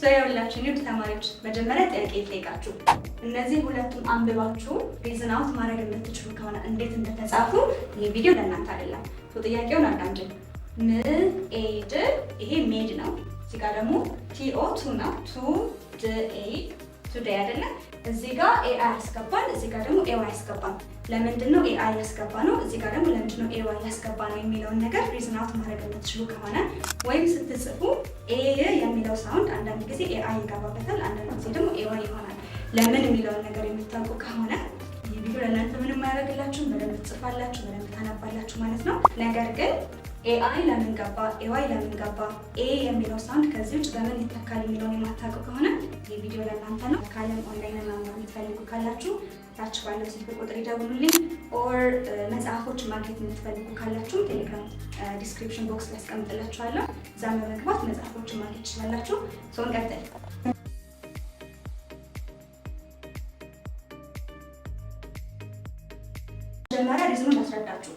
ሰው የሁላችን ውድ ተማሪዎች መጀመሪያ ጥያቄ ይጠይቃችሁ። እነዚህ ሁለቱም አንብባችሁ ሪዝን አውት ማድረግ የምትችሉ ከሆነ እንዴት እንደተጻፉ ይህ ቪዲዮ ለእናንተ አይደለም። ጥያቄውን አዳምጪ። ምኤድ ይሄ ሜድ ነው። እዚጋ ደግሞ ቲኦ ቱ ነው ቱ ድኤድ ቱዴይ አይደለም። እዚህ ጋር ኤአይ ያስገባል፣ እዚህ ጋር ደግሞ ኤዋይ ያስገባል። ለምንድን ነው ኤአይ ያስገባ ነው፣ እዚህ ጋር ደግሞ ለምንድን ነው ኤዋይ ያስገባ ነው የሚለውን ነገር ሪዝን አውት ማድረግ የምትችሉ ከሆነ ወይም ስትጽፉ ኤ የሚለው ሳውንድ አንዳንድ ጊዜ ኤአይ ይገባበታል፣ አንዳንድ ጊዜ ደግሞ ኤዋይ ይሆናል። ለምን የሚለውን ነገር የምታውቁ ከሆነ ይህ ቪዲዮ ለእናንተ ምንም አያደርግላችሁም። በደንብ ትጽፋላችሁ፣ በደንብ ታነባላችሁ ማለት ነው። ነገር ግን ኤአይ ለምን ገባ፣ ኤዋይ ለምን ገባ፣ ኤ የሚለው ሳውንድ ከዚህ ውጭ በምን ይተካል የሚለውን የማታውቁ ከሆነ የቪዲዮ ለእናንተ ነው። ከአለም ኦንላይን መማር የምትፈልጉ ካላችሁ ታች ባለው ስልክ ቁጥር ይደውሉልኝ። ኦር መጽሐፎች ማግኘት የምትፈልጉ ካላችሁ ቴሌግራም ዲስክሪፕሽን ቦክስ ላይ አስቀምጥላችኋለሁ። እዛ በመግባት መጽሐፎችን ማግኘት ትችላላችሁ። ሰውን ቀጥል መጀመሪያ ሪዝኑ ላስረዳችሁ።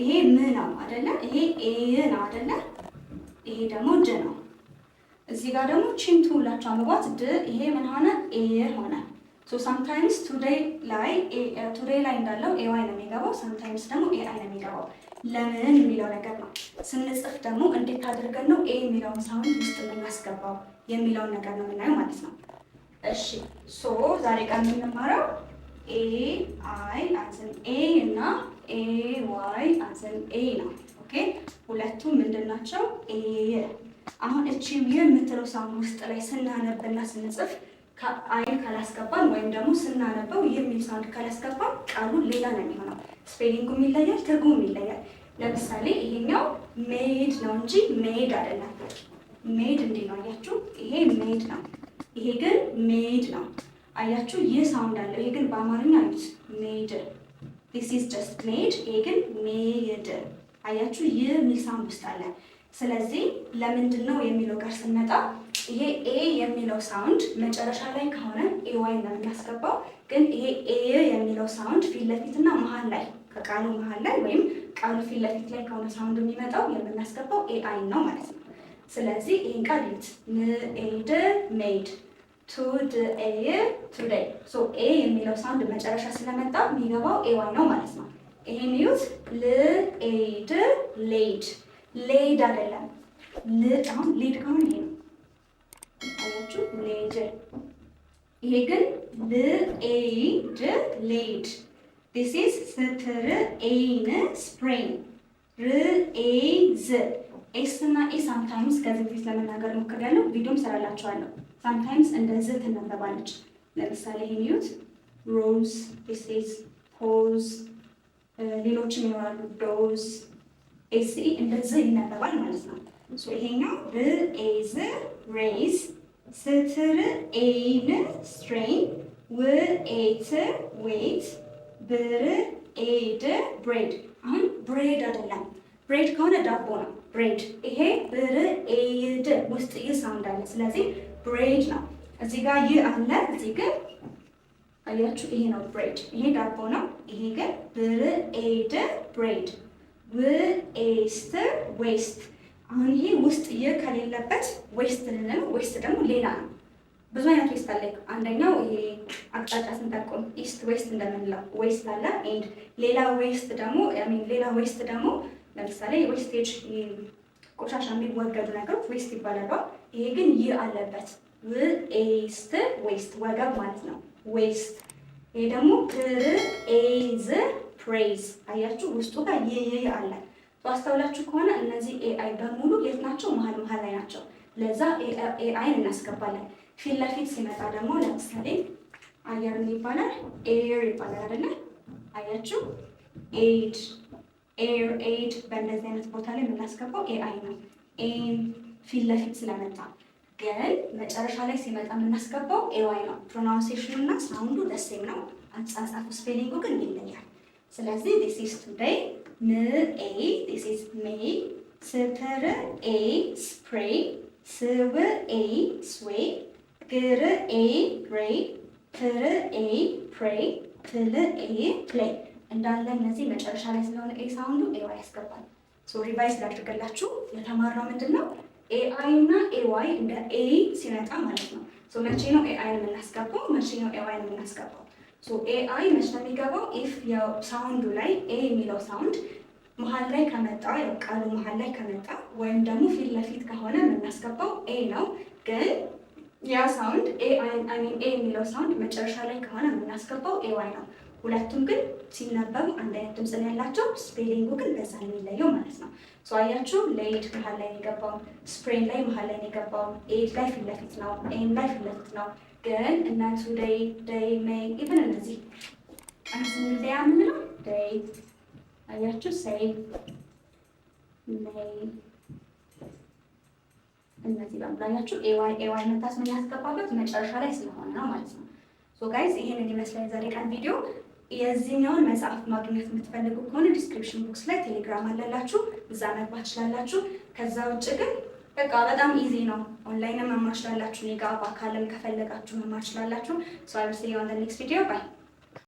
ይሄ ም ነው አደለ? ይሄ ኤ ነው አደለ? ይሄ ደግሞ ጀ ነው እዚህ ጋር ደግሞ ቺምቱ ሁላቸው አምቧት ድ ይሄ ምን ሆነ ኤ ሆነ። ሶ ሳምታይምስ ቱዴይ ላይ ቱዴይ ላይ እንዳለው ኤ ዋይ ነው የሚገባው፣ ሳምታይምስ ደግሞ ኤ አይ ነው የሚገባው። ለምን የሚለው ነገር ነው። ስንጽፍ ደግሞ እንዴት አድርገን ነው ኤ የሚለውን ሳውንድ ውስጥ የምናስገባው የሚለውን ነገር ነው የምናየው ማለት ነው። እሺ ሶ ዛሬ ቀን የምንማረው ኤ አይ አዘን ኤ እና ኤ ዋይ አዘን ኤ ነው። ኦኬ ሁለቱም ምንድን ናቸው? ኤ አሁን እችም የምትለው ሳሙን ውስጥ ላይ ስናነብና ስንጽፍ አይን ካላስገባን ወይም ደግሞ ስናነበው የሚል ሳውንድ ካላስገባን ቃሉ ሌላ ነው የሚሆነው። ስፔሊንጉም ይለያል፣ ትርጉሙም ይለያል። ለምሳሌ ይሄኛው ሜድ ነው እንጂ ሜድ አይደለም። ሜድ እንዴ ነው አያችሁ? ይሄ ሜድ ነው፣ ይሄ ግን ሜድ ነው። አያችሁ? ይህ ሳውንድ አለው። ይሄ ግን በአማርኛ አዩት፣ ሜድ። ዲስ ኢዝ ጀስት ሜድ። ይሄ ግን ሜድ። አያችሁ? ይህ ሚል ሳውንድ ውስጥ አለ። ስለዚህ ለምንድን ነው የሚለው ጋር ስንመጣ ይሄ ኤ የሚለው ሳውንድ መጨረሻ ላይ ከሆነ ኤዋይ ነው የምናስገባው። ግን ይሄ ኤ የሚለው ሳውንድ ፊት ለፊትና መሀል ላይ ከቃሉ መሀል ላይ ወይም ቃሉ ፊት ለፊት ላይ ከሆነ ሳውንድ የሚመጣው የምናስገባው ኤአይ ነው ማለት ነው። ስለዚህ ይህን ቃል ዩት ንኤድ ሜድ ቱድ ኤ ቱዴይ ሶ ኤ የሚለው ሳውንድ መጨረሻ ስለመጣ የሚገባው ኤዋይ ነው ማለት ነው። ይሄን ዩት ልኤድ ሌድ ሌድ አይደለም። አሁን ሊድ ከሆነ ይሄ ነው አያችሁ፣ ሌድ። ይሄ ግን ልኤድ ሌድ። ዲስ ኢዝ ስትር ኤን ስፕሪንግ ርኤዝ ኤስ እና ኤ ሳምታይምስ ከዚህ ፊት ለመናገር ሞክር ያለው ቪዲዮም ሰራላችኋለሁ። ሳምታይምስ እንደ ዝ ትነበባለች። ለምሳሌ ይሄን ሮዝ ዲስ ኢዝ ፖዝ፣ ሌሎችም ይኖራሉ ዶዝ ኤስኢ እንደዚህ ይነበባል ማለት ነው። ይሄኛው ብኤዝ ሬይዝ ስትር ኤን ስትሬን ውኤት ዌት ብር ኤድ ብሬድ። አሁን ብሬድ አይደለም፣ ብሬድ ከሆነ ዳቦ ነው ብሬድ። ይሄ ብር ኤድ ውስጥ ይህ ሳውንድ አለ። ስለዚህ ብሬድ ነው። እዚህ ጋር ይህ አለ። እዚህ ግን አያችሁ፣ ይሄ ነው ብሬድ። ይሄ ዳቦ ነው። ይሄ ግን ብር ኤድ ብሬድ ውኤስት ዌስት። አሁን ይሄ ውስጥ ይ ከሌለበት ዌስት ልንል፣ ዌስት ደግሞ ሌላ ነው። ብዙ አይነት ዌስት አለ። አንደኛው ይሄ አቅጣጫ ስንጠቁም ኢስት ዌስት እንደምንለው ዌስት አለ። ኤንድ ሌላ ዌስት ደግሞ ሌላ ዌስት ደግሞ ለምሳሌ ዌስቴጅ ቆሻሻ የሚወገዱ ነገሮች ዌስት ይባላሉ። ይሄ ግን ይህ አለበት ውኤስት ዌስት፣ ወገብ ማለት ነው። ዌስት ይሄ ደግሞ ፕሬዝ ፕሬዝ አያችሁ፣ ውስጡ ጋር የየየ አለ። ባስተውላችሁ ከሆነ እነዚህ ኤአይ በሙሉ የት ናቸው? መሀል መሀል ላይ ናቸው። ለዛ ኤአይን እናስገባለን። ፊት ለፊት ሲመጣ ደግሞ ለምሳሌ አየር ምን ይባላል? ኤር ይባላል አይደለ? አያችሁ፣ ኤድ ኤር ኤድ። በእንደዚህ አይነት ቦታ ላይ የምናስገባው ኤአይ ነው። ኤም ፊት ለፊት ስለመጣ ግን መጨረሻ ላይ ሲመጣ የምናስገባው ኤዋይ ነው። ፕሮናውንሴሽኑ እና ሳውንዱ ደሴም ነው። አጻጻፉ ስፔሊንጉ ግን ይለያል። ስለዚህ this is today ን ኤ this is may ስትር ኤ spray ስብ ኤ ስዌ ግር ኤ gray ትር ኤ pray ፕል ኤ play እንዳለ እነዚህ መጨረሻ ላይ ስለሆነ ኤ ሳውንዱ ኤ ዋይ ያስገባል። ሶ ሪቫይዝ ላድርገላችሁ። የተማራው ምንድን ነው? ኤ አይ እና ኤ ዋይ እንደ ኤ ሲመጣ ማለት ነው። መቼ ነው ኤ አይ የምናስገባው? መቼ ነው ኤ ዋይ የምናስገባው? ኤአይ መች ነው የሚገባው? ኢፍ ሳውንዱ ላይ ኤ የሚለው ሳውንድ መሀል ላይ ከመጣ ያው ቃሉ መሀል ላይ ከመጣ ወይም ደግሞ ፊት ለፊት ከሆነ የምናስገባው ኤ ነው። ግን ያ ሳውንድ ኤ የሚለው ሳውንድ መጨረሻ ላይ ከሆነ የምናስገባው ኤዋይ ነው። ሁለቱም ግን ሲነበቡ አንድ አይነት ድምፅ ነው ያላቸው። ስፔሊንጉ ግን በዛ ነው የሚለየው ማለት ነው። አያችሁ ለኤድ መሀል ላይ የገባው ስፕሬን ላይ መሀል ላይ የገባው ኤድ ላይ ፊት ለፊት ነው፣ ኤም ላይ ፊት ለፊት ነው። ግን እነሱ ደይ ደይ ሜይ ኢቨን እነዚህ አንስ ሚዲያ ምንለው ደይ አያችሁ ሰይ ሜይ እነዚህ በአብዛኛችሁ ኤዋይ ኤዋይ መታስ ምን ያስገባበት መጨረሻ ላይ ስለሆነ ነው ማለት ነው። ሶ ጋይዝ ይሄንን ይመስላል የዛሬ ቀን ቪዲዮ የዚህኛውን መጽሐፍ ማግኘት የምትፈልጉ ከሆነ ዲስክሪፕሽን ቦክስ ላይ ቴሌግራም አለላችሁ፣ እዛ መግባት ትችላላችሁ። ከዛ ውጭ ግን በቃ በጣም ኢዚ ነው። ኦንላይንም መማር ትችላላችሁ። እኔ ጋ በአካልም ከፈለጋችሁ መማር ትችላላችሁ። ሶ አይ ሲ ዩ ኦን ዘ ኔክስት ቪዲዮ ባይ